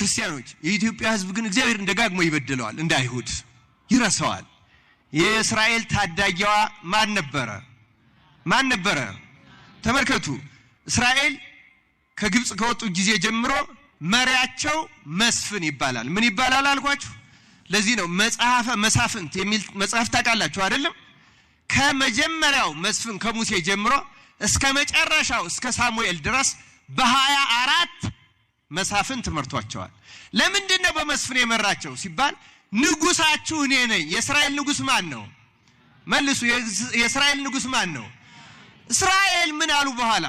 ክርስቲያኖች፣ የኢትዮጵያ ሕዝብ ግን እግዚአብሔር እንደጋግሞ ይበድለዋል። እንደ አይሁድ ይረሰዋል። የእስራኤል ታዳጊዋ ማን ነበረ? ማን ነበረ? ተመልከቱ። እስራኤል ከግብፅ ከወጡ ጊዜ ጀምሮ መሪያቸው መስፍን ይባላል። ምን ይባላል አልኳችሁ? ለዚህ ነው መጽሐፈ መሳፍንት የሚል መጽሐፍ ታውቃላችሁ አይደለም? ከመጀመሪያው መስፍን ከሙሴ ጀምሮ እስከ መጨረሻው እስከ ሳሙኤል ድረስ በሀያ አራት መሳፍን ትመርቷቸዋል። ለምንድን ነው በመስፍን የመራቸው ሲባል ንጉሳችሁ እኔ ነኝ። የእስራኤል ንጉስ ማን ነው? መልሱ። የእስራኤል ንጉስ ማን ነው? እስራኤል ምን አሉ? በኋላ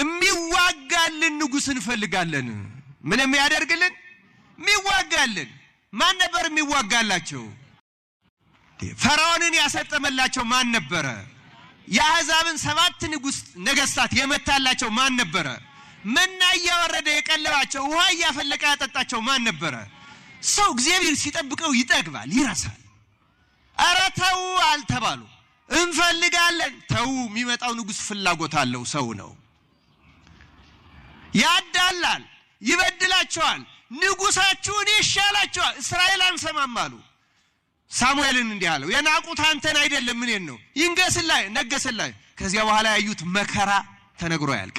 የሚዋጋልን ንጉስ እንፈልጋለን። ምን የሚያደርግልን? የሚዋጋልን። ማን ነበር የሚዋጋላቸው? ፈርዖንን ያሰጠመላቸው ማን ነበረ? የአሕዛብን ሰባት ንጉስ ነገስታት የመታላቸው ማን ነበረ? መና እያወረደ የቀለባቸው ውሃ እያፈለቀ ያጠጣቸው ማን ነበረ? ሰው እግዚአብሔር ሲጠብቀው ይጠግባል፣ ይረሳል። ኧረ ተው አልተባሉ እንፈልጋለን። ተው የሚመጣው ንጉሥ ፍላጎት አለው። ሰው ነው፣ ያዳላል፣ ይበድላቸዋል። ንጉሳችሁን ይሻላቸዋል። እስራኤል አንሰማም አሉ። ሳሙኤልን እንዲህ አለው፣ የናቁት አንተን አይደለም እኔን ነው። ይንገስላ ነገስላ። ከዚያ በኋላ ያዩት መከራ ተነግሮ አያልቅ።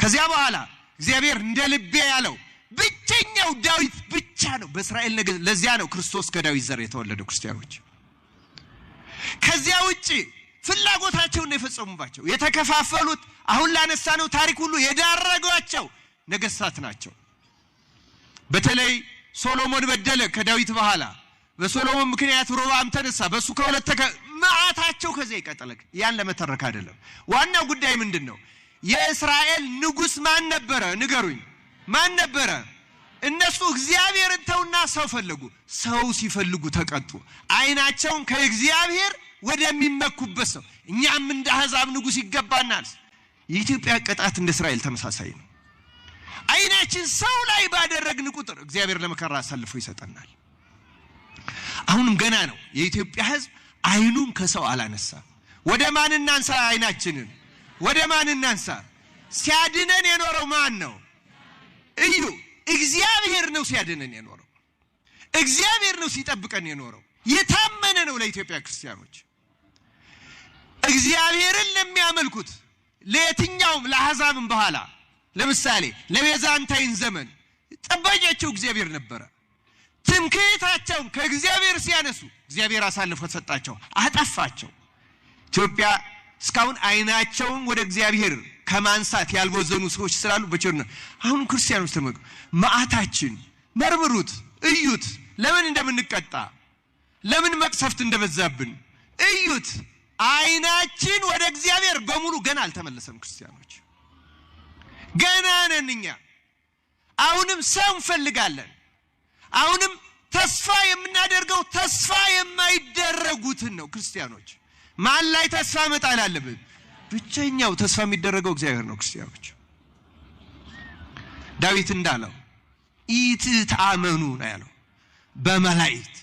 ከዚያ በኋላ እግዚአብሔር እንደ ልቤ ያለው ብቸኛው ዳዊት ብቻ ነው በእስራኤል ነገ ለዚያ ነው ክርስቶስ ከዳዊት ዘር የተወለደው። ክርስቲያኖች ከዚያ ውጭ ፍላጎታቸውን ነው የፈጸሙባቸው። የተከፋፈሉት አሁን ነው ታሪክ ሁሉ የዳረጓቸው ነገስታት ናቸው። በተለይ ሶሎሞን በደለ ከዳዊት በኋላ። በሶሎሞን ምክንያት ሮባም ተነሳ፣ በእሱ ከሁለት መዓታቸው ከዚያ ይቀጠለ። ያን ለመተረክ አይደለም ዋናው ጉዳይ ምንድን ነው? የእስራኤል ንጉስ ማን ነበረ? ንገሩኝ፣ ማን ነበረ? እነሱ እግዚአብሔርን ተውና ሰው ፈለጉ። ሰው ሲፈልጉ ተቀጡ። አይናቸውን ከእግዚአብሔር ወደሚመኩበት ሰው። እኛም እንደ አሕዛብ ንጉስ ይገባናል። የኢትዮጵያ ቅጣት እንደ እስራኤል ተመሳሳይ ነው። አይናችን ሰው ላይ ባደረግን ቁጥር እግዚአብሔር ለመከራ አሳልፎ ይሰጠናል። አሁንም ገና ነው። የኢትዮጵያ ሕዝብ አይኑን ከሰው አላነሳ። ወደ ማን እናንሳ አይናችንን? ወደ ማን እናንሳ? ሲያድነን የኖረው ማን ነው? እዩ፣ እግዚአብሔር ነው ሲያድነን የኖረው። እግዚአብሔር ነው ሲጠብቀን የኖረው። የታመነ ነው ለኢትዮጵያ ክርስቲያኖች። እግዚአብሔርን ለሚያመልኩት ለየትኛውም ለአሕዛብም በኋላ ለምሳሌ ለቤዛንታይን ዘመን ጠባቂያቸው እግዚአብሔር ነበረ። ትምክህታቸውን ከእግዚአብሔር ሲያነሱ እግዚአብሔር አሳልፎ ሰጣቸው፣ አጠፋቸው። ኢትዮጵያ እስካሁን አይናቸውን ወደ እግዚአብሔር ከማንሳት ያልቦዘኑ ሰዎች ስላሉ በቸር አሁን ክርስቲያኖች ተመግ መዓታችን መርምሩት፣ እዩት፣ ለምን እንደምንቀጣ ለምን መቅሰፍት እንደበዛብን እዩት። አይናችን ወደ እግዚአብሔር በሙሉ ገና አልተመለሰም። ክርስቲያኖች ገና ነን እኛ። አሁንም ሰው እንፈልጋለን። አሁንም ተስፋ የምናደርገው ተስፋ የማይደረጉትን ነው ክርስቲያኖች ማን ላይ ተስፋ መጣል አለብን? ብቸኛው ተስፋ የሚደረገው እግዚአብሔር ነው። ክርስቲያኖች ዳዊት እንዳለው ተአመኑ ነው ያለው በመላእክት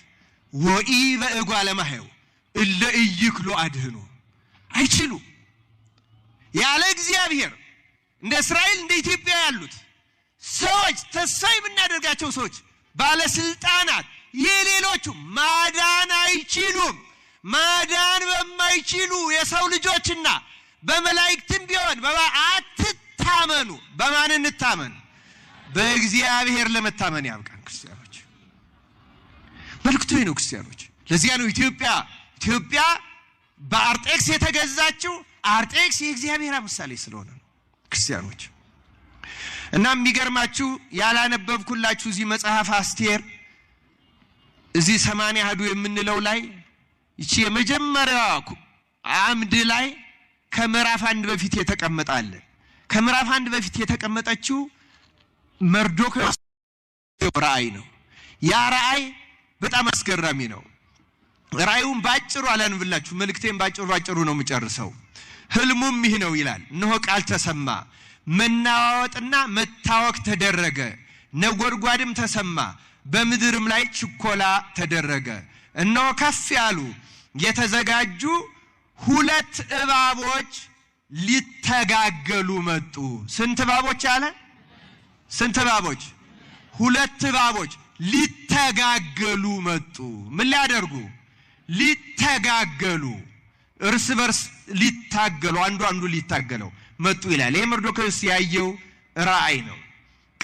ወኢ በእጓለ እማሕየው እለ ኢይክሉ አድህኖ አይችሉ ያለ እግዚአብሔር እንደ እስራኤል እንደ ኢትዮጵያ ያሉት ሰዎች ተስፋ የምናደርጋቸው ሰዎች ባለስልጣናት፣ የሌሎቹ ማዳን አይችሉም። ማዳን በማይችሉ የሰው ልጆችና በመላእክትም ቢሆን አትታመኑ። በማን እንታመን? በእግዚአብሔር ለመታመን ያብቃን። ክርስቲያኖች መልክቱ ነው። ክርስቲያኖች ለዚያ ነው ኢትዮጵያ ኢትዮጵያ በአርጤክስ የተገዛችው። አርጤክስ የእግዚአብሔር ምሳሌ ስለሆነ ነው። ክርስቲያኖች እና የሚገርማችሁ ያላነበብኩላችሁ እዚህ መጽሐፍ አስቴር እዚህ ሰማንያ አሐዱ የምንለው ላይ ይቺ የመጀመሪያዋ አምድ ላይ ከምዕራፍ አንድ በፊት የተቀመጣለ ከምዕራፍ አንድ በፊት የተቀመጠችው መርዶክዮስ ራእይ ነው። ያ ራእይ በጣም አስገራሚ ነው። ራእዩን ባጭሩ አላንብላችሁ፣ መልእክቴን ባጭሩ ባጭሩ ነው የምጨርሰው። ህልሙም ይህ ነው ይላል። እነሆ ቃል ተሰማ፣ መናዋወጥና መታወክ ተደረገ፣ ነጎድጓድም ተሰማ፣ በምድርም ላይ ችኮላ ተደረገ። እነሆ ከፍ ያሉ የተዘጋጁ ሁለት እባቦች ሊተጋገሉ መጡ። ስንት እባቦች አለ? ስንት እባቦች? ሁለት እባቦች ሊተጋገሉ መጡ። ምን ሊያደርጉ? ሊተጋገሉ፣ እርስ በርስ ሊታገሉ፣ አንዱ አንዱ ሊታገለው መጡ ይላል። ይህ መርዶክዮስ ያየው ራእይ ነው።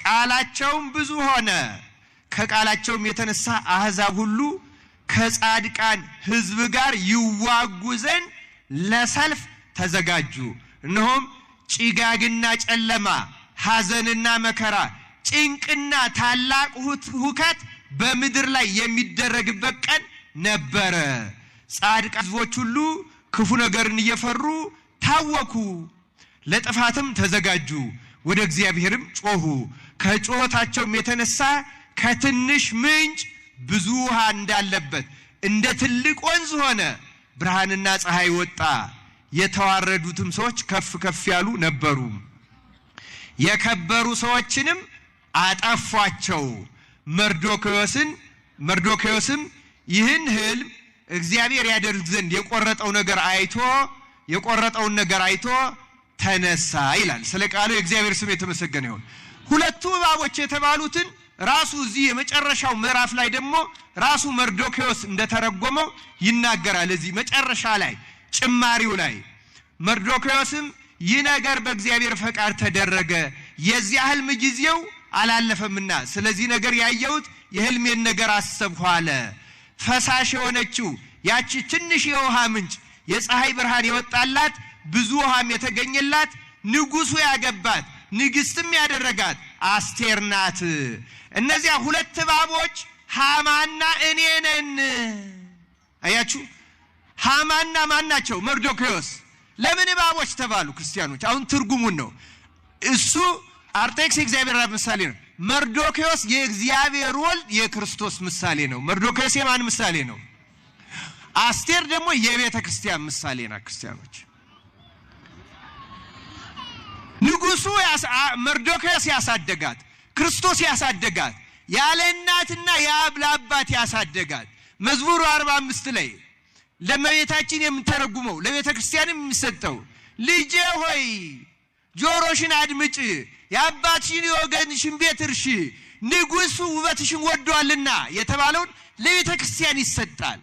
ቃላቸውም ብዙ ሆነ፣ ከቃላቸውም የተነሳ አሕዛብ ሁሉ ከጻድቃን ሕዝብ ጋር ይዋጉ ዘንድ ለሰልፍ ተዘጋጁ። እነሆም ጭጋግና ጨለማ፣ ሐዘንና መከራ፣ ጭንቅና ታላቅ ሁከት በምድር ላይ የሚደረግበት ቀን ነበረ። ጻድቃን ሕዝቦች ሁሉ ክፉ ነገርን እየፈሩ ታወኩ፣ ለጥፋትም ተዘጋጁ፣ ወደ እግዚአብሔርም ጮኹ። ከጩኸታቸውም የተነሳ ከትንሽ ምንጭ ብዙ ውሃ እንዳለበት እንደ ትልቅ ወንዝ ሆነ። ብርሃንና ፀሐይ ወጣ። የተዋረዱትም ሰዎች ከፍ ከፍ ያሉ ነበሩ። የከበሩ ሰዎችንም አጠፏቸው። መርዶክዮስን መርዶክዮስም ይህን ህልም እግዚአብሔር ያደርግ ዘንድ የቆረጠው ነገር አይቶ የቆረጠውን ነገር አይቶ ተነሳ ይላል። ስለ ቃሉ የእግዚአብሔር ስም የተመሰገነ ይሁን። ሁለቱ እባቦች የተባሉትን ራሱ እዚህ የመጨረሻው ምዕራፍ ላይ ደግሞ ራሱ መርዶክዮስ እንደተረጎመው ይናገራል። እዚህ መጨረሻ ላይ ጭማሪው ላይ መርዶክዮስም ይህ ነገር በእግዚአብሔር ፈቃድ ተደረገ፣ የዚህ ህልም ጊዜው አላለፈምና ስለዚህ ነገር ያየሁት የህልሜን ነገር አሰብሁ አለ። ፈሳሽ የሆነችው ያቺ ትንሽ የውሃ ምንጭ የፀሐይ ብርሃን የወጣላት ብዙ ውሃም የተገኘላት ንጉሱ ያገባት ንግስትም ያደረጋት አስቴር ናት። እነዚያ ሁለት እባቦች ሃማና እኔ ነን። አያችሁ፣ ሃማና ማን ናቸው? መርዶክዮስ። ለምን እባቦች ተባሉ? ክርስቲያኖች፣ አሁን ትርጉሙን ነው። እሱ አርጤክስ የእግዚአብሔር ራብ ምሳሌ ነው። መርዶክዮስ የእግዚአብሔር ወልድ የክርስቶስ ምሳሌ ነው። መርዶክዮስ የማን ምሳሌ ነው? አስቴር ደግሞ የቤተ ክርስቲያን ምሳሌ ናት። ክርስቲያኖች ንጉሱ መርዶክዮስ ያሳደጋት፣ ክርስቶስ ያሳደጋት፣ ያለ እናትና የአብ አባት ያሳደጋት መዝሙሩ 45 ላይ ለመቤታችን የምተረጉመው ለቤተ ክርስቲያን የሚሰጠው ልጄ ሆይ ጆሮሽን አድምጭ፣ የአባትሽን የወገንሽን ቤት እርሺ፣ ንጉሱ ውበትሽን ወዷልና የተባለውን ለቤተ ክርስቲያን ይሰጣል።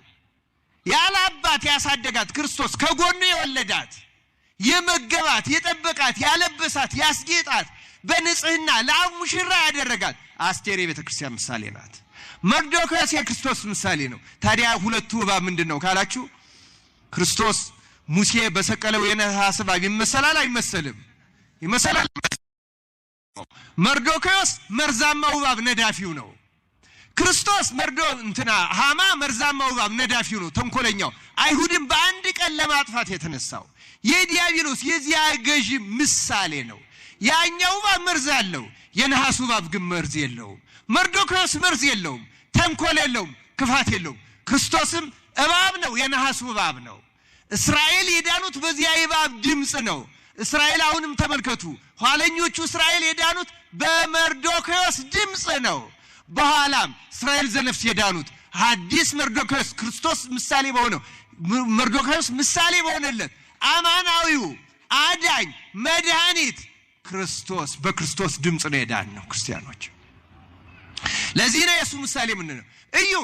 ያለ አባት ያሳደጋት ክርስቶስ ከጎኑ የወለዳት የመገባት የጠበቃት ያለበሳት ያስጌጣት በንጽህና ለአብ ሙሽራ ያደረጋት አስቴር የቤተ ክርስቲያን ምሳሌ ናት። መርዶክዮስ የክርስቶስ ምሳሌ ነው። ታዲያ ሁለቱ እባብ ምንድን ነው ካላችሁ ክርስቶስ ሙሴ በሰቀለው የነሐስ እባብ ይመሰላል አይመሰልም? ይመሰላል። መርዶክዮስ መርዛማው እባብ ነዳፊው ነው። ክርስቶስ መርዶ እንትና ሃማ መርዛማው እባብ ነዳፊው ነው፣ ተንኮለኛው አይሁድን በአንድ ቀን ለማጥፋት የተነሳው የዲያብሎስ የዚያ ገዢ ምሳሌ ነው። ያኛው እባብ መርዝ አለው፣ የነሐሱ እባብ ግን መርዝ የለውም። መርዶክዮስ መርዝ የለውም፣ ተንኮል የለውም፣ ክፋት የለውም። ክርስቶስም እባብ ነው፣ የነሐሱ እባብ ነው። እስራኤል የዳኑት በዚያ እባብ ድምፅ ነው። እስራኤል አሁንም ተመልከቱ፣ ኋለኞቹ እስራኤል የዳኑት በመርዶክዮስ ድምፅ ነው። በኋላም እስራኤል ዘነፍስ የዳኑት አዲስ መርዶክዮስ ክርስቶስ ምሳሌ በሆነው መርዶክዮስ ምሳሌ በሆነለት አማናዊው አዳኝ መድኃኒት ክርስቶስ በክርስቶስ ድምፅ ነው የዳን ነው ክርስቲያኖች። ለዚህ ነው የእሱ ምሳሌ የምንለው። እዩ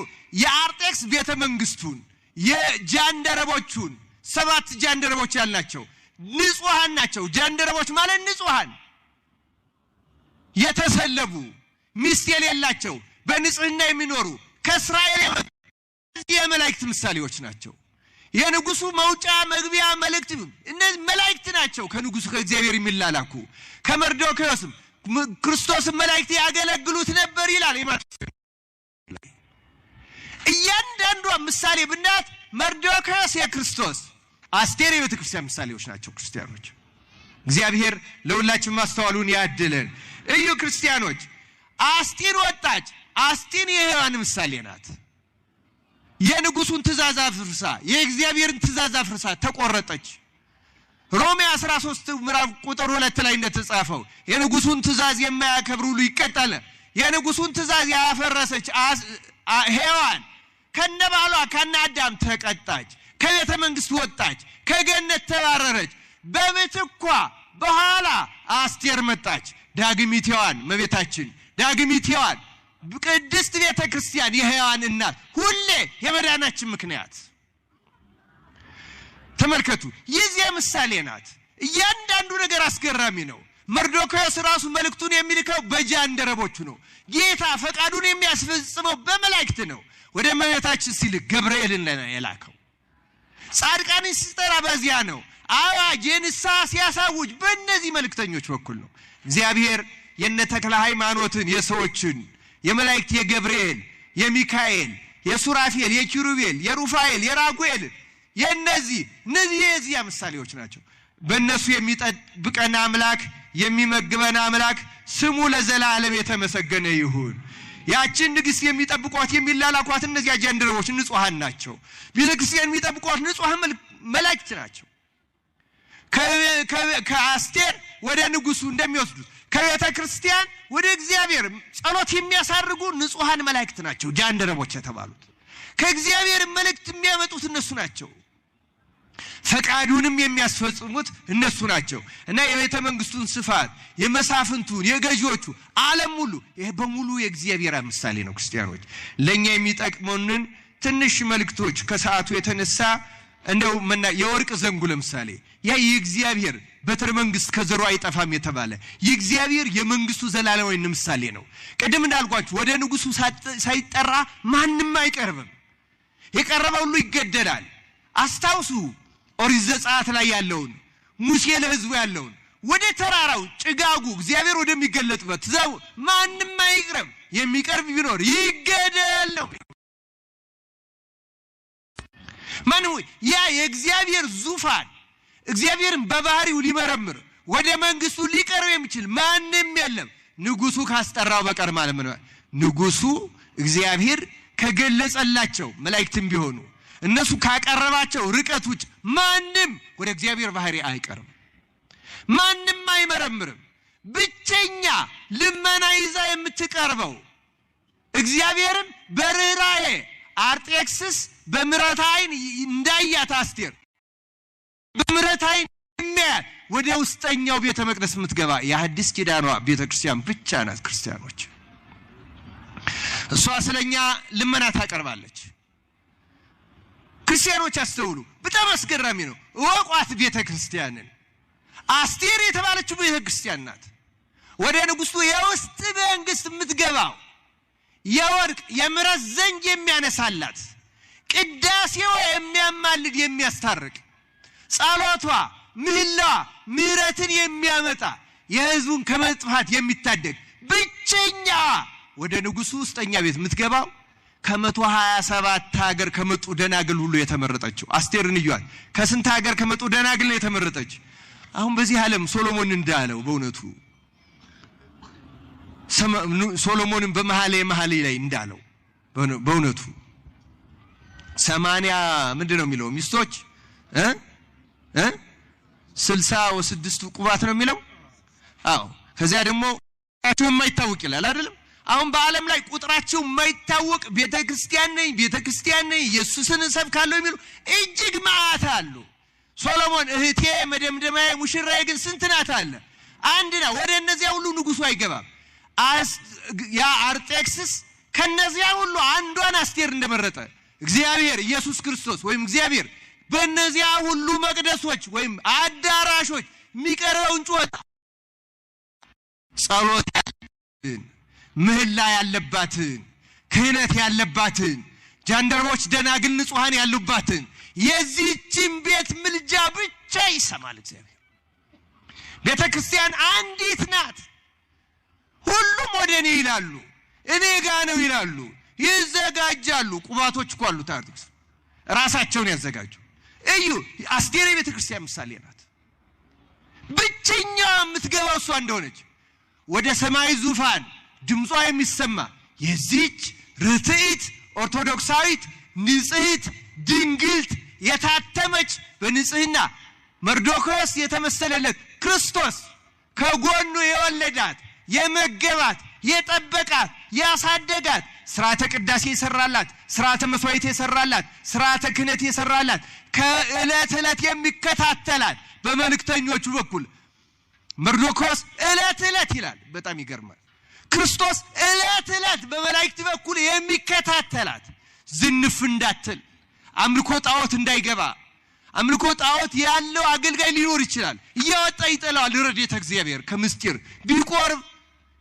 የአርጤክስ ቤተ መንግስቱን የጃንደረቦቹን ሰባት ጃንደረቦች ያላቸው ንጹሐን ናቸው። ጃንደረቦች ማለት ንጹሐን የተሰለቡ ሚስት የሌላቸው በንጽህና የሚኖሩ ከእስራኤል የመላእክት ምሳሌዎች ናቸው። የንጉሱ መውጫ መግቢያ መልእክት እነዚህ መላእክት ናቸው። ከንጉሱ ከእግዚአብሔር የሚላላኩ ከመርዶክዮስም ክርስቶስን መላእክት ያገለግሉት ነበር ይላል። እያንዳንዷ ምሳሌ ብናት መርዶክዮስ የክርስቶስ አስቴር የቤተ ክርስቲያን ምሳሌዎች ናቸው። ክርስቲያኖች እግዚአብሔር ለሁላችን ማስተዋሉን ያድለን። እዩ ክርስቲያኖች፣ አስጢን ወጣች። አስጢን የሔዋን ምሳሌ ናት። የንጉሱን ትእዛዝ አፍርሳ የእግዚአብሔርን ትእዛዝ አፍርሳ ተቆረጠች። ሮሜ 13 ምዕራፍ ቁጥር 2 ላይ እንደተጻፈው የንጉሱን ትእዛዝ የማያከብር ሁሉ ይቀጣል። የንጉሱን ትእዛዝ ያፈረሰች ሔዋን ከነ ባሏ ከነ አዳም ተቀጣች፣ ከቤተ መንግስት ወጣች፣ ከገነት ተባረረች። በምትኳ በኋላ አስቴር መጣች። ዳግሚት ሔዋን እመቤታችን ዳግሚት ሔዋን ቅድስት ቤተ ክርስቲያን የሕያዋን እናት ሁሌ የመዳናችን ምክንያት ተመልከቱ። የዚያ ምሳሌ ናት። እያንዳንዱ ነገር አስገራሚ ነው። መርዶክዮስ ራሱ መልእክቱን የሚልከው በጃንደረቦቹ ነው። ጌታ ፈቃዱን የሚያስፈጽመው በመላእክት ነው። ወደ እመቤታችን ሲልክ ገብርኤልን የላከው ጻድቃንን ሲጠራ በዚያ ነው። አዋጅ የንስሐ ሲያሳውጅ በእነዚህ መልእክተኞች በኩል ነው። እግዚአብሔር የነ ተክለ ሃይማኖትን የሰዎችን የመላእክት የገብርኤል፣ የሚካኤል፣ የሱራፌል፣ የኪሩቤል፣ የሩፋኤል፣ የራጉኤል የእነዚህ እነዚህ የዚያ ምሳሌዎች ናቸው። በእነሱ የሚጠብቀን አምላክ የሚመግበን አምላክ ስሙ ለዘላለም የተመሰገነ ይሁን። ያችን ንግሥት የሚጠብቋት የሚላላኳት እነዚያ ጀንደሮች ንጹሐን ናቸው። ቤተ ክርስቲያን የሚጠብቋት ንጹሐን መላእክት ናቸው። ከአስቴር ወደ ንጉሱ እንደሚወስዱት ከቤተ ክርስቲያን ወደ እግዚአብሔር ጸሎት የሚያሳርጉ ንጹሐን መላእክት ናቸው ጃንደረቦች የተባሉት። ከእግዚአብሔር መልእክት የሚያመጡት እነሱ ናቸው። ፈቃዱንም የሚያስፈጽሙት እነሱ ናቸው እና የቤተ መንግስቱን ስፋት፣ የመሳፍንቱን፣ የገዢዎቹ ዓለም ሙሉ ይሄ በሙሉ የእግዚአብሔር ምሳሌ ነው። ክርስቲያኖች ለእኛ የሚጠቅመንን ትንሽ መልእክቶች ከሰዓቱ የተነሳ እንደው መና የወርቅ ዘንጉ ለምሳሌ ያ የእግዚአብሔር በትረ መንግስት ከዘሩ አይጠፋም የተባለ የእግዚአብሔር የመንግስቱ ዘላለማዊ ምሳሌ ነው። ቅድም እንዳልኳችሁ ወደ ንጉሱ ሳይጠራ ማንም አይቀርብም፣ የቀረበ ሁሉ ይገደላል። አስታውሱ ኦሪት ዘጸአት ላይ ያለውን ሙሴ ለህዝቡ ያለውን ወደ ተራራው ጭጋጉ እግዚአብሔር ወደሚገለጥበት ዘው ማንም አይቅረብ፣ የሚቀርብ ቢኖር ይገደል ነው። ማን ያ የእግዚአብሔር ዙፋን እግዚአብሔርን በባህሪው ሊመረምር ወደ መንግስቱ ሊቀርብ የሚችል ማንም የለም ንጉሱ ካስጠራው በቀር ማለት ነው። ንጉሱ እግዚአብሔር ከገለጸላቸው መላእክትም ቢሆኑ እነሱ ካቀረባቸው ርቀት ውጭ ማንም ወደ እግዚአብሔር ባህሪ አይቀርም፣ ማንም አይመረምርም። ብቸኛ ልመና ይዛ የምትቀርበው እግዚአብሔርም በርኅራኄ አርጤክስስ በምሕረት እንዳያት አስቴር በምረታይን ዓይን ወደ ውስጠኛው ቤተ መቅደስ የምትገባ የአዲስ ኪዳኗ ቤተ ክርስቲያን ብቻ ናት። ክርስቲያኖች እሷ ስለኛ ልመና ታቀርባለች። ክርስቲያኖች አስተውሉ። በጣም አስገራሚ ነው። እወቋት ቤተ ክርስቲያንን። አስቴር የተባለችው ቤተ ክርስቲያን ናት ወደ ንጉሱ የውስጥ መንግስት የምትገባው የወርቅ የምረት ዘንግ የሚያነሳላት ቅዳሴው የሚያማልድ የሚያስታርቅ፣ ጸሎቷ ምህላዋ ምህረትን የሚያመጣ የህዝቡን ከመጥፋት የሚታደግ ብቸኛ ወደ ንጉሱ ውስጠኛ ቤት የምትገባው ከመቶ ሀያ ሰባት ሀገር ከመጡ ደናግል ሁሉ የተመረጠችው አስቴርን እዩዋት። ከስንት ሀገር ከመጡ ደናግል ነው የተመረጠች። አሁን በዚህ ዓለም ሶሎሞን እንዳለው በእውነቱ ሶሎሞንን በመሐሌ መሐሌ ላይ እንዳለው በእውነቱ ሰማንያ ምንድን ነው የሚለው ሚስቶች ስልሳ ወስድስቱ ቁባት ነው የሚለው አዎ ከዚያ ደግሞ ቁጥራቸው የማይታወቅ ይላል አይደለም አሁን በአለም ላይ ቁጥራቸው የማይታወቅ ቤተ ክርስቲያን ነኝ ቤተ ክርስቲያን ነኝ ኢየሱስን እሰብካለሁ የሚሉ እጅግ መዓት አሉ ሶሎሞን እህቴ መደምደማዬ ሙሽራዬ ግን ስንት ናት አለ አንድ ና ወደ እነዚያ ሁሉ ንጉሱ አይገባም ያ አርጤክስስ ከነዚያ ሁሉ አንዷን አስቴር እንደመረጠ እግዚአብሔር ኢየሱስ ክርስቶስ ወይም እግዚአብሔር በእነዚያ ሁሉ መቅደሶች ወይም አዳራሾች የሚቀርበውን ጩኸት ጸሎት ያለባትን ምህላ ያለባትን ክህነት ያለባትን ጃንደረቦች፣ ደናግል፣ ንጹሐን ያሉባትን የዚህችን ቤት ምልጃ ብቻ ይሰማል እግዚአብሔር። ቤተ ክርስቲያን አንዲት ናት። ሁሉም ወደ እኔ ይላሉ፣ እኔ ጋ ነው ይላሉ። ይዘጋጃሉ። ቁባቶች እኮ አሉት አርቲክስ ራሳቸውን ያዘጋጁ እዩ። አስቴር የቤተ ክርስቲያን ምሳሌ ናት። ብቸኛ የምትገባ እሷ እንደሆነች ወደ ሰማይ ዙፋን ድምጿ የሚሰማ የዚች ርትዕት ኦርቶዶክሳዊት ንጽሕት ድንግልት የታተመች በንጽህና መርዶክዮስ የተመሰለለት ክርስቶስ ከጎኑ የወለዳት የመገባት የጠበቃት ያሳደጋት ስርዓተ ቅዳሴ የሰራላት ስርዓተ መስዋዕት የሰራላት ስርዓተ ክህነት የሰራላት ከእለት እለት የሚከታተላት በመልእክተኞቹ በኩል መርዶክዮስ እለት እለት ይላል። በጣም ይገርማል። ክርስቶስ እለት እለት በመላእክት በኩል የሚከታተላት ዝንፍ እንዳትል፣ አምልኮ ጣዖት እንዳይገባ። አምልኮ ጣዖት ያለው አገልጋይ ሊኖር ይችላል። እያወጣ ይጠላዋል። ረድኤተ እግዚአብሔር ከምስጢር ቢቆርብ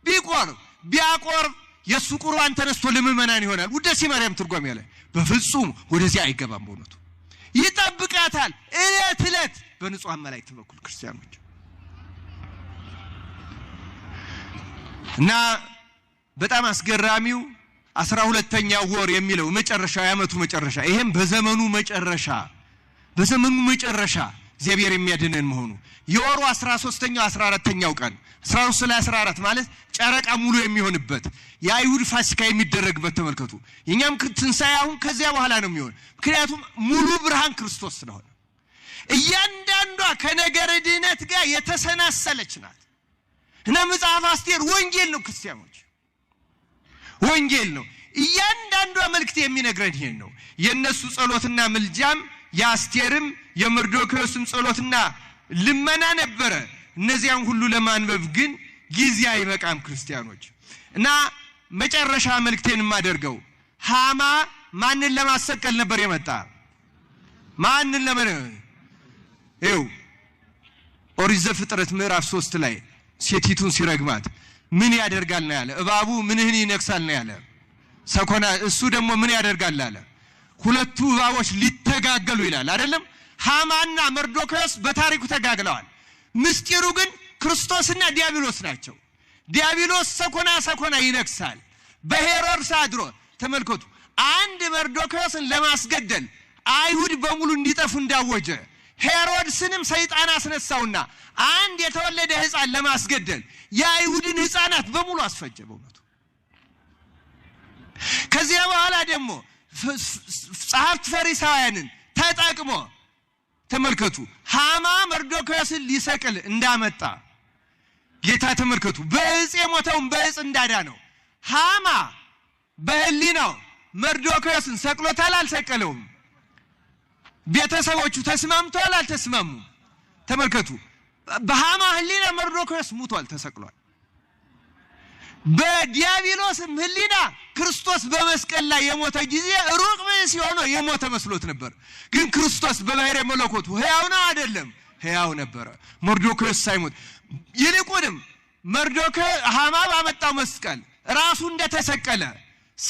ቢቆርብ ቢያቆርብ የእሱ ቁርባን ተነስቶ ለምእመናን ይሆናል። ውዳሴ ማርያም ትርጓሜ ያለ በፍጹም ወደዚህ አይገባም። በእውነቱ ይጠብቃታል እለት እለት በንጹሐን መላእክት በኩል ክርስቲያኖች እና በጣም አስገራሚው አስራ ሁለተኛው ወር የሚለው መጨረሻ የዓመቱ መጨረሻ ይሄም በዘመኑ መጨረሻ በዘመኑ መጨረሻ እግዚአብሔር የሚያድነን መሆኑ የወሩ 13ኛው 14 ኛው ቀን 13 ላይ 14 ማለት ጨረቃ ሙሉ የሚሆንበት የአይሁድ ፋሲካ የሚደረግበት ተመልከቱ። የእኛም ትንሣኤ አሁን ከዚያ በኋላ ነው የሚሆን፣ ምክንያቱም ሙሉ ብርሃን ክርስቶስ ስለሆነ እያንዳንዷ ከነገረ ድህነት ጋር የተሰናሰለች ናት እና መጽሐፍ አስቴር ወንጌል ነው። ክርስቲያኖች ወንጌል ነው። እያንዳንዷ መልእክት የሚነግረን ይሄን ነው። የእነሱ ጸሎትና ምልጃም የአስቴርም የመርዶክዮስም ጸሎትና ልመና ነበረ። እነዚያን ሁሉ ለማንበብ ግን ጊዜ አይበቃም ክርስቲያኖች። እና መጨረሻ መልክቴን የማደርገው ሃማ ማንን ለማሰቀል ነበር የመጣ? ማንን ለመ ይው ኦሪት ዘፍጥረት ምዕራፍ ሶስት ላይ ሴቲቱን ሲረግማት ምን ያደርጋል ነው ያለ። እባቡ ምንህን ይነክሳል ነው ያለ። ሰኮና እሱ ደግሞ ምን ያደርጋል አለ ሁለቱ እባቦች ሊተጋገሉ ይላል አይደለም? ሃማና መርዶክዮስ በታሪኩ ተጋግለዋል። ምስጢሩ ግን ክርስቶስና ዲያብሎስ ናቸው። ዲያብሎስ ሰኮና ሰኮና ይነግሳል። በሄሮድስ አድሮ ተመልከቱ። አንድ መርዶክዮስን ለማስገደል አይሁድ በሙሉ እንዲጠፉ እንዳወጀ ሄሮድስንም ሰይጣን አስነሳውና አንድ የተወለደ ሕፃን ለማስገደል የአይሁድን ሕፃናት በሙሉ አስፈጀ። በእውነቱ ከዚያ በኋላ ደግሞ ጸሐፍት ፈሪሳውያንን ተጠቅሞ ተመልከቱ። ሃማ መርዶክዮስን ሊሰቅል እንዳመጣ ጌታ ተመልከቱ። በእጽ የሞተውን እንዳዳ እንዳዳነው ሃማ በህሊናው መርዶክዮስን ሰቅሎታል፣ አልሰቀለውም? ቤተሰቦቹ ተስማምተዋል፣ አልተስማሙም? ተመልከቱ። በሃማ ህሊና መርዶክዮስ ሙቷል፣ ተሰቅሏል። በዲያብሎስም ሕሊና ክርስቶስ በመስቀል ላይ የሞተ ጊዜ ሩቅ ምን ሲሆነ የሞተ መስሎት ነበር። ግን ክርስቶስ በባሕረ መለኮቱ ሕያው ነው አይደለም? ሕያው ነበረ። መርዶክዮስ ሳይሞት ይልቁንም መርዶክ ሃማ ባመጣው መስቀል ራሱ እንደተሰቀለ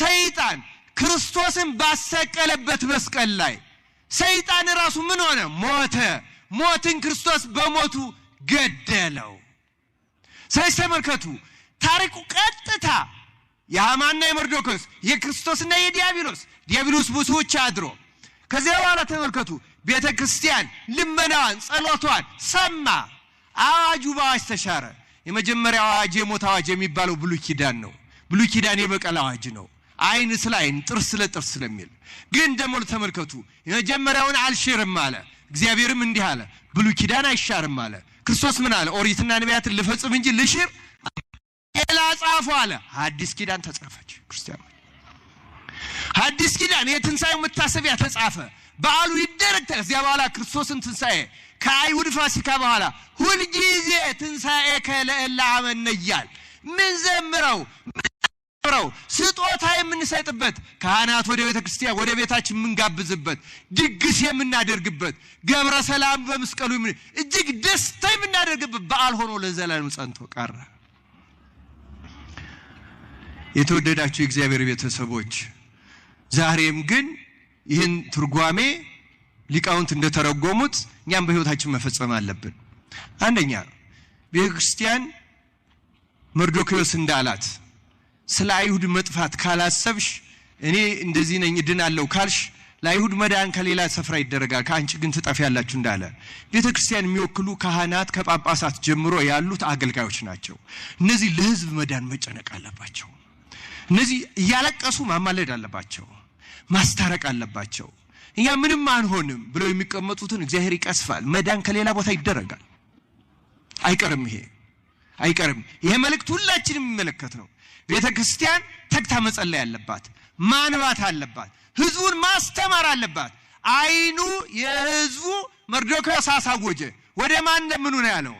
ሰይጣን ክርስቶስን ባሰቀለበት መስቀል ላይ ሰይጣን ራሱ ምን ሆነ? ሞተ። ሞትን ክርስቶስ በሞቱ ገደለው። ስለዚህ ተመልከቱ ታሪኩ ቀጥታ የሃማና የመርዶክዮስ የክርስቶስና የዲያብሎስ ዲያብሎስ ብዙዎች አድሮ ከዚያ በኋላ ተመልከቱ ቤተ ክርስቲያን ልመናዋን ጸሎቷን ሰማ። አዋጁ በአዋጅ ተሻረ። የመጀመሪያ አዋጅ የሞት አዋጅ የሚባለው ብሉ ኪዳን ነው። ብሉ ኪዳን የበቀል አዋጅ ነው። አይን ስለ አይን ጥርስ ስለ ጥርስ ስለሚል ግን ደግሞ ተመልከቱ የመጀመሪያውን አልሽርም አለ። እግዚአብሔርም እንዲህ አለ ብሉ ኪዳን አይሻርም አለ። ክርስቶስ ምን አለ? ኦሪትና ነቢያትን ልፈጽም እንጂ ልሽር ሌላ ጻፉ አለ። አዲስ ኪዳን ተጻፈች። ክርስቲያኖች አዲስ ኪዳን የትንሣኤው መታሰቢያ ተጻፈ። በዓሉ ይደረግ። ከዚያ በኋላ ክርስቶስን ትንሣኤ ከአይሁድ ፋሲካ በኋላ ሁልጊዜ ትንሣኤ ከለእላ አመነያል ምን ዘምረው ምንዘምረው ስጦታ የምንሰጥበት ካህናት ወደ ቤተ ክርስቲያን ወደ ቤታችን የምንጋብዝበት ድግስ የምናደርግበት ገብረ ሰላም በመስቀሉ እጅግ ደስታ የምናደርግበት በዓል ሆኖ ለዘላለም ጸንቶ ቀረ። የተወደዳችሁ የእግዚአብሔር ቤተሰቦች ዛሬም ግን ይህን ትርጓሜ ሊቃውንት እንደተረጎሙት እኛም በሕይወታችን መፈጸም አለብን። አንደኛ ቤተ ክርስቲያን መርዶክዮስ እንዳላት ስለ አይሁድ መጥፋት ካላሰብሽ፣ እኔ እንደዚህ ነኝ እድናለሁ ካልሽ ለአይሁድ መዳን ከሌላ ስፍራ ይደረጋል፣ ከአንቺ ግን ትጠፊያላችሁ እንዳለ ቤተ ክርስቲያን የሚወክሉ ካህናት ከጳጳሳት ጀምሮ ያሉት አገልጋዮች ናቸው። እነዚህ ለሕዝብ መዳን መጨነቅ አለባቸው። እነዚህ እያለቀሱ ማማለድ አለባቸው፣ ማስታረቅ አለባቸው። እኛ ምንም አንሆንም ብለው የሚቀመጡትን እግዚአብሔር ይቀስፋል። መዳን ከሌላ ቦታ ይደረጋል። አይቀርም፣ ይሄ አይቀርም። ይሄ መልእክት ሁላችን የሚመለከት ነው። ቤተ ክርስቲያን ተግታ መጸለይ አለባት፣ ማንባት አለባት፣ ህዝቡን ማስተማር አለባት። አይኑ የህዝቡ መርዶክዮስ አሳወጀ። ወደ ማን ለምኑ ነው ያለው?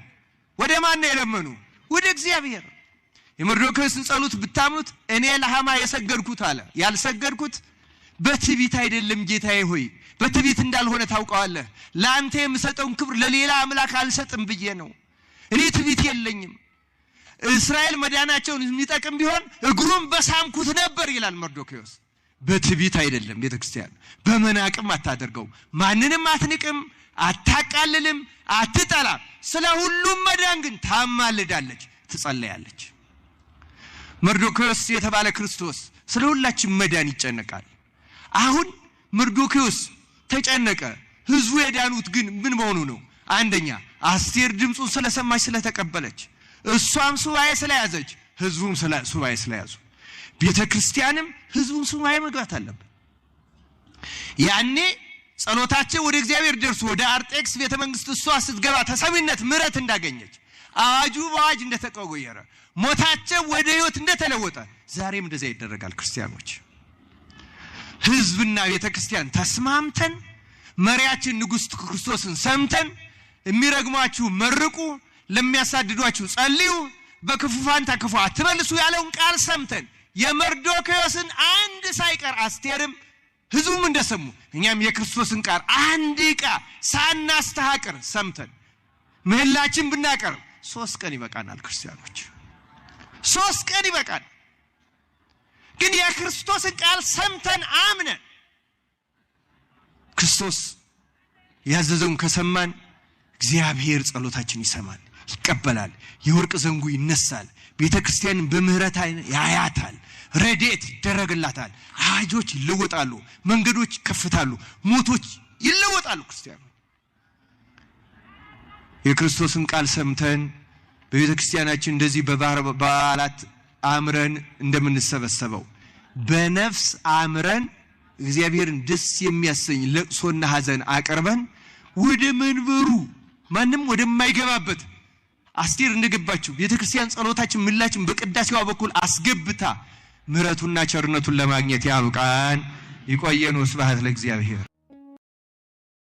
ወደ ማን ነው የለመኑ? ወደ እግዚአብሔር የመርዶክዮስን ጸሎት ብታምኑት እኔ ለሃማ የሰገድኩት አለ። ያልሰገድኩት በትቢት አይደለም ጌታዬ ሆይ በትቢት እንዳልሆነ ታውቀዋለህ። ለአንተ የምሰጠውን ክብር ለሌላ አምላክ አልሰጥም ብዬ ነው። እኔ ትቢት የለኝም። እስራኤል መዳናቸውን የሚጠቅም ቢሆን እግሩም በሳምኩት ነበር ይላል መርዶክዮስ። በትቢት አይደለም ቤተ ክርስቲያን በመናቅም አታደርገው። ማንንም አትንቅም፣ አታቃልልም፣ አትጠላም። ስለ ሁሉም መዳን ግን ታማልዳለች፣ ትጸለያለች። መርዶክዮስ የተባለ ክርስቶስ ስለ ሁላችን መዳን ይጨነቃል። አሁን መርዶክዮስ ተጨነቀ። ህዝቡ የዳኑት ግን ምን መሆኑ ነው? አንደኛ አስቴር ድምፁን ስለሰማች ስለተቀበለች፣ እሷም ሱባኤ ስለያዘች፣ ህዝቡም ሱባኤ ስለያዙ፣ ቤተ ክርስቲያንም ህዝቡም ሱባኤ መግባት አለበት። ያኔ ጸሎታቸው ወደ እግዚአብሔር ደርሶ ወደ አርጤክስ ቤተ መንግስት እሷ ስትገባ ተሰሚነት ምረት እንዳገኘች አዋጁ በአዋጅ እንደተቀወየረ ሞታቸው ወደ ህይወት እንደተለወጠ ዛሬም እንደዚያ ይደረጋል። ክርስቲያኖች ህዝብና ቤተ ክርስቲያን ተስማምተን መሪያችን ንጉሥ ክርስቶስን ሰምተን የሚረግሟችሁ መርቁ፣ ለሚያሳድዷችሁ ጸልዩ፣ በክፉ ፋንታ ክፉ አትመልሱ ያለውን ቃል ሰምተን የመርዶክዮስን አንድ ሳይቀር አስቴርም ህዝቡም እንደሰሙ እኛም የክርስቶስን ቃል አንድ ቃ ሳናስተሃቅር ሰምተን ምህላችን ብናቀርብ ሶስት ቀን ይበቃናል ክርስቲያኖች። ሶስት ቀን ይበቃል። ግን የክርስቶስን ቃል ሰምተን አምነን ክርስቶስ ያዘዘውን ከሰማን እግዚአብሔር ጸሎታችን ይሰማል፣ ይቀበላል። የወርቅ ዘንጉ ይነሳል። ቤተ ክርስቲያንን በምህረት ያያታል። ረዴት ይደረግላታል። አህጆች ይለወጣሉ። መንገዶች ይከፍታሉ። ሞቶች ይለወጣሉ። ክርስቲያኑ የክርስቶስን ቃል ሰምተን በቤተ ክርስቲያናችን እንደዚህ በበዓላት አምረን እንደምንሰበሰበው በነፍስ አምረን እግዚአብሔርን ደስ የሚያሰኝ ለቅሶና ሐዘን አቅርበን ወደ መንበሩ ማንም ወደማይገባበት አስቴር እንደገባችው ቤተ ክርስቲያን ጸሎታችን ምላችን በቅዳሴዋ በኩል አስገብታ ምሕረቱና ቸርነቱን ለማግኘት ያብቃን። ይቆየን። ወስብሐት ለእግዚአብሔር።